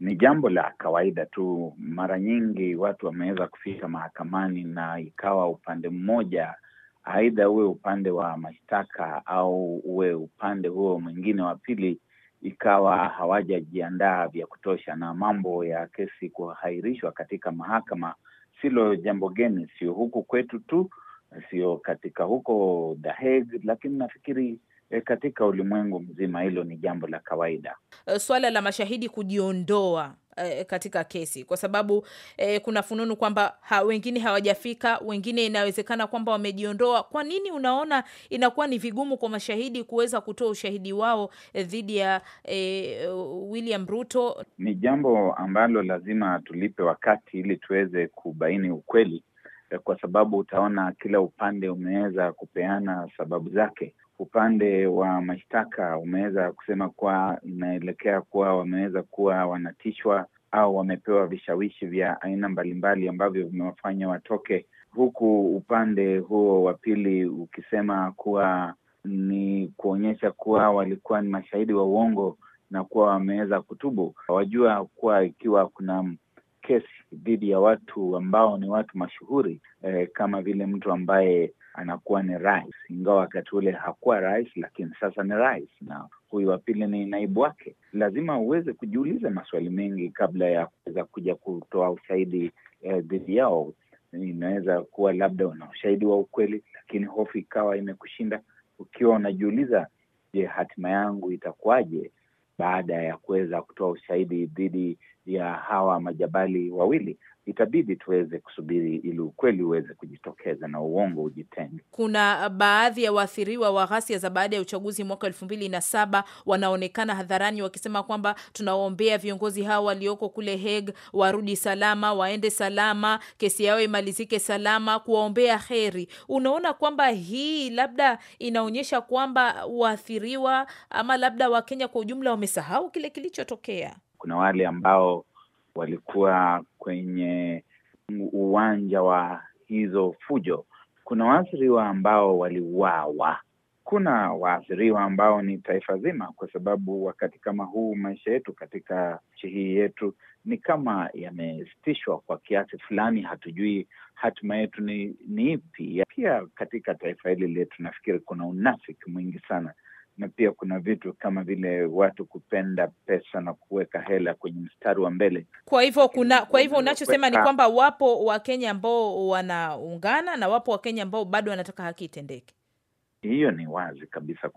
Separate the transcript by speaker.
Speaker 1: ni jambo la kawaida tu. Mara nyingi watu wameweza kufika mahakamani na ikawa upande mmoja, aidha uwe upande wa mashtaka au uwe upande huo mwingine wa pili, ikawa hawajajiandaa vya kutosha, na mambo ya kesi kuhairishwa katika mahakama silo jambo geni, sio huku kwetu tu, sio katika huko The Hague, lakini nafikiri e, katika ulimwengu mzima. Hilo ni jambo la kawaida.
Speaker 2: Eh, swala la mashahidi kujiondoa e, katika kesi kwa sababu e, kuna fununu kwamba ha, wengine hawajafika, wengine inawezekana kwamba wamejiondoa. Kwa nini unaona inakuwa ni vigumu kwa mashahidi kuweza kutoa ushahidi wao dhidi ya e, William Ruto? Ni
Speaker 1: jambo ambalo lazima tulipe wakati ili tuweze kubaini ukweli kwa sababu utaona kila upande umeweza kupeana sababu zake upande wa mashtaka umeweza kusema kuwa inaelekea kuwa wameweza kuwa wanatishwa au wamepewa vishawishi vya aina mbalimbali ambavyo vimewafanya watoke, huku upande huo wa pili ukisema kuwa ni kuonyesha kuwa walikuwa ni mashahidi wa uongo na kuwa wameweza kutubu. Wajua kuwa ikiwa kuna kesi dhidi ya watu ambao ni watu mashuhuri eh, kama vile mtu ambaye anakuwa ni rais, ingawa wakati ule hakuwa rais, lakini sasa ni rais na huyu wa pili ni naibu wake. Lazima uweze kujiuliza maswali mengi kabla ya kuweza kuja kutoa ushahidi eh, dhidi eh, yao. Inaweza kuwa labda una ushahidi wa ukweli, lakini hofu ikawa imekushinda ukiwa unajiuliza, je, hatima yangu itakuwaje? baada ya kuweza kutoa ushahidi dhidi ya hawa majabali wawili itabidi tuweze kusubiri ili ukweli uweze kujitokeza na uongo ujitenge.
Speaker 2: Kuna baadhi ya waathiriwa wa ghasia za baada ya uchaguzi mwaka elfu mbili na saba wanaonekana hadharani wakisema kwamba tunawaombea viongozi hao walioko kule Hague warudi salama, waende salama, kesi yao imalizike salama, kuwaombea heri. Unaona kwamba hii labda inaonyesha kwamba waathiriwa ama labda Wakenya kwa ujumla wame wamesahau kile kilichotokea.
Speaker 1: Kuna wale ambao walikuwa kwenye uwanja wa hizo fujo. Kuna waathiriwa ambao waliuawa, kuna waathiriwa ambao ni taifa zima, kwa sababu wakati kama huu maisha yetu katika nchi hii yetu ni kama yamesitishwa kwa kiasi fulani. Hatujui hatima yetu ni, ni ipi. Pia katika taifa hili letu nafikiri kuna unafiki mwingi sana na pia kuna vitu kama vile watu kupenda pesa na kuweka hela kwenye mstari wa mbele.
Speaker 2: Kwa hivyo kuna, kwa hivyo unachosema ni kwamba wapo Wakenya ambao wanaungana na wapo Wakenya ambao bado wanataka haki itendeke. Hiyo ni wazi
Speaker 1: kabisa.